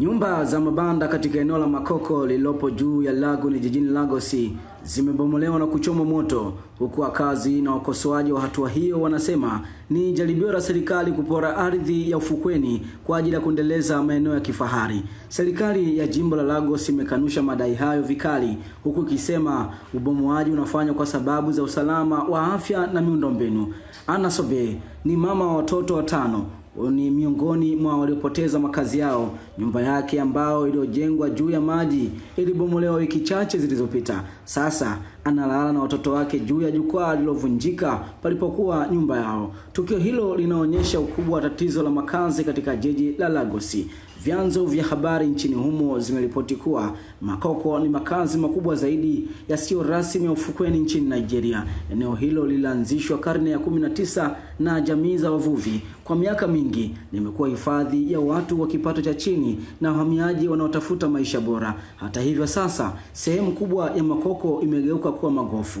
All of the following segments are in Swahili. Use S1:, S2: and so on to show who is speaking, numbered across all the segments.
S1: Nyumba za mabanda katika eneo la Makoko lililopo juu ya ni jijini Lagos zimebomolewa na kuchomwa moto, huku wakazi na wakosoaji wa hatua hiyo wanasema ni jaribio la serikali kupora ardhi ya ufukweni kwa ajili ya kuendeleza maeneo ya kifahari. Serikali ya jimbo la Lagos imekanusha madai hayo vikali, huku ikisema ubomoaji unafanywa kwa sababu za usalama wa afya na miundombinu. ana Sobe ni mama wa watoto watano, ni miongoni mwa waliopoteza makazi yao Nyumba yake ambayo iliyojengwa juu ya maji ilibomolewa wiki chache zilizopita. Sasa analala na watoto wake juu ya jukwaa lililovunjika palipokuwa nyumba yao. Tukio hilo linaonyesha ukubwa wa tatizo la makazi katika jiji la Lagosi. Vyanzo vya habari nchini humo zimeripoti kuwa makoko ni makazi makubwa zaidi yasiyo rasmi ya ufukweni nchini Nigeria. Eneo hilo lilianzishwa karne ya 19 na jamii za wavuvi. Kwa miaka mingi limekuwa hifadhi ya watu wa kipato cha chini na wahamiaji wanaotafuta maisha bora. Hata hivyo, sasa sehemu kubwa ya makoko imegeuka kuwa magofu.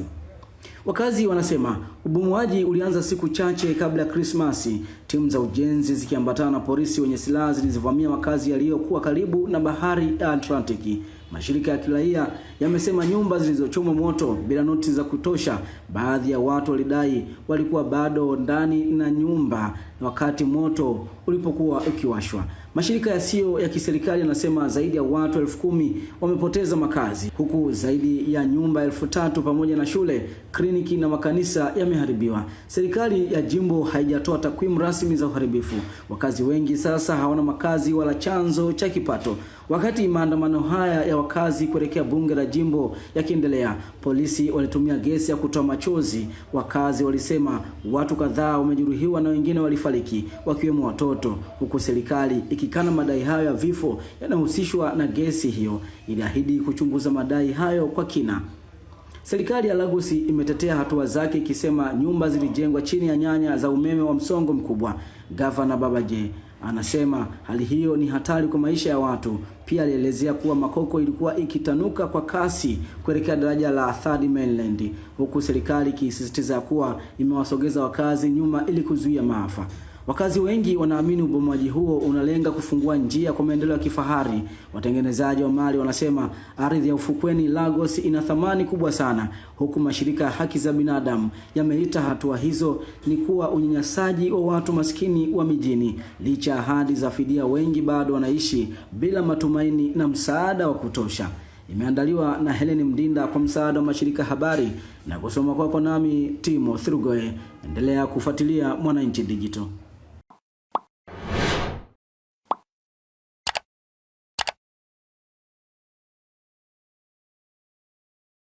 S1: Wakazi wanasema ubomoaji ulianza siku chache kabla ya Krismasi, timu za ujenzi zikiambatana na polisi wenye silaha zilizovamia makazi yaliyokuwa karibu na bahari ya Atlantiki. Mashirika ya kiraia yamesema nyumba zilizochomwa moto bila noti za kutosha, baadhi ya watu walidai walikuwa bado ndani na nyumba wakati moto ulipokuwa ukiwashwa. Mashirika yasiyo ya kiserikali yanasema zaidi ya watu elfu kumi wamepoteza makazi, huku zaidi ya nyumba elfu tatu pamoja na shule, kliniki na makanisa yameharibiwa. Serikali ya jimbo haijatoa takwimu rasmi za uharibifu. Wakazi wengi sasa hawana makazi wala chanzo cha kipato, wakati maandamano haya ya wakazi kuelekea bunge la jimbo yakiendelea, polisi walitumia gesi ya kutoa machozi. Wakazi walisema watu kadhaa wamejeruhiwa na wengine walifariki, wakiwemo watoto, huku serikali ikikana madai hayo ya vifo yanayohusishwa na gesi hiyo. Iliahidi kuchunguza madai hayo kwa kina. Serikali ya Lagos imetetea hatua zake ikisema nyumba zilijengwa chini ya nyanya za umeme wa msongo mkubwa. Gavana Babaje Anasema hali hiyo ni hatari kwa maisha ya watu. Pia alielezea kuwa Makoko ilikuwa ikitanuka kwa kasi kuelekea daraja la Third Mainland, huku serikali ikisisitiza kuwa imewasogeza wakazi nyuma ili kuzuia maafa. Wakazi wengi wanaamini ubomoaji huo unalenga kufungua njia kwa maendeleo ya kifahari. Watengenezaji wa mali wanasema ardhi ya ufukweni Lagos ina thamani kubwa sana, huku mashirika ya haki za binadamu yameita hatua hizo ni kuwa unyanyasaji wa watu maskini wa mijini. Licha ya ahadi za fidia, wengi bado wanaishi bila matumaini na msaada wa kutosha. Imeandaliwa na Helen Mdinda kwa msaada wa mashirika habari na kusoma kwako nami Timo Thrugoe. Endelea kufuatilia Mwananchi Digital.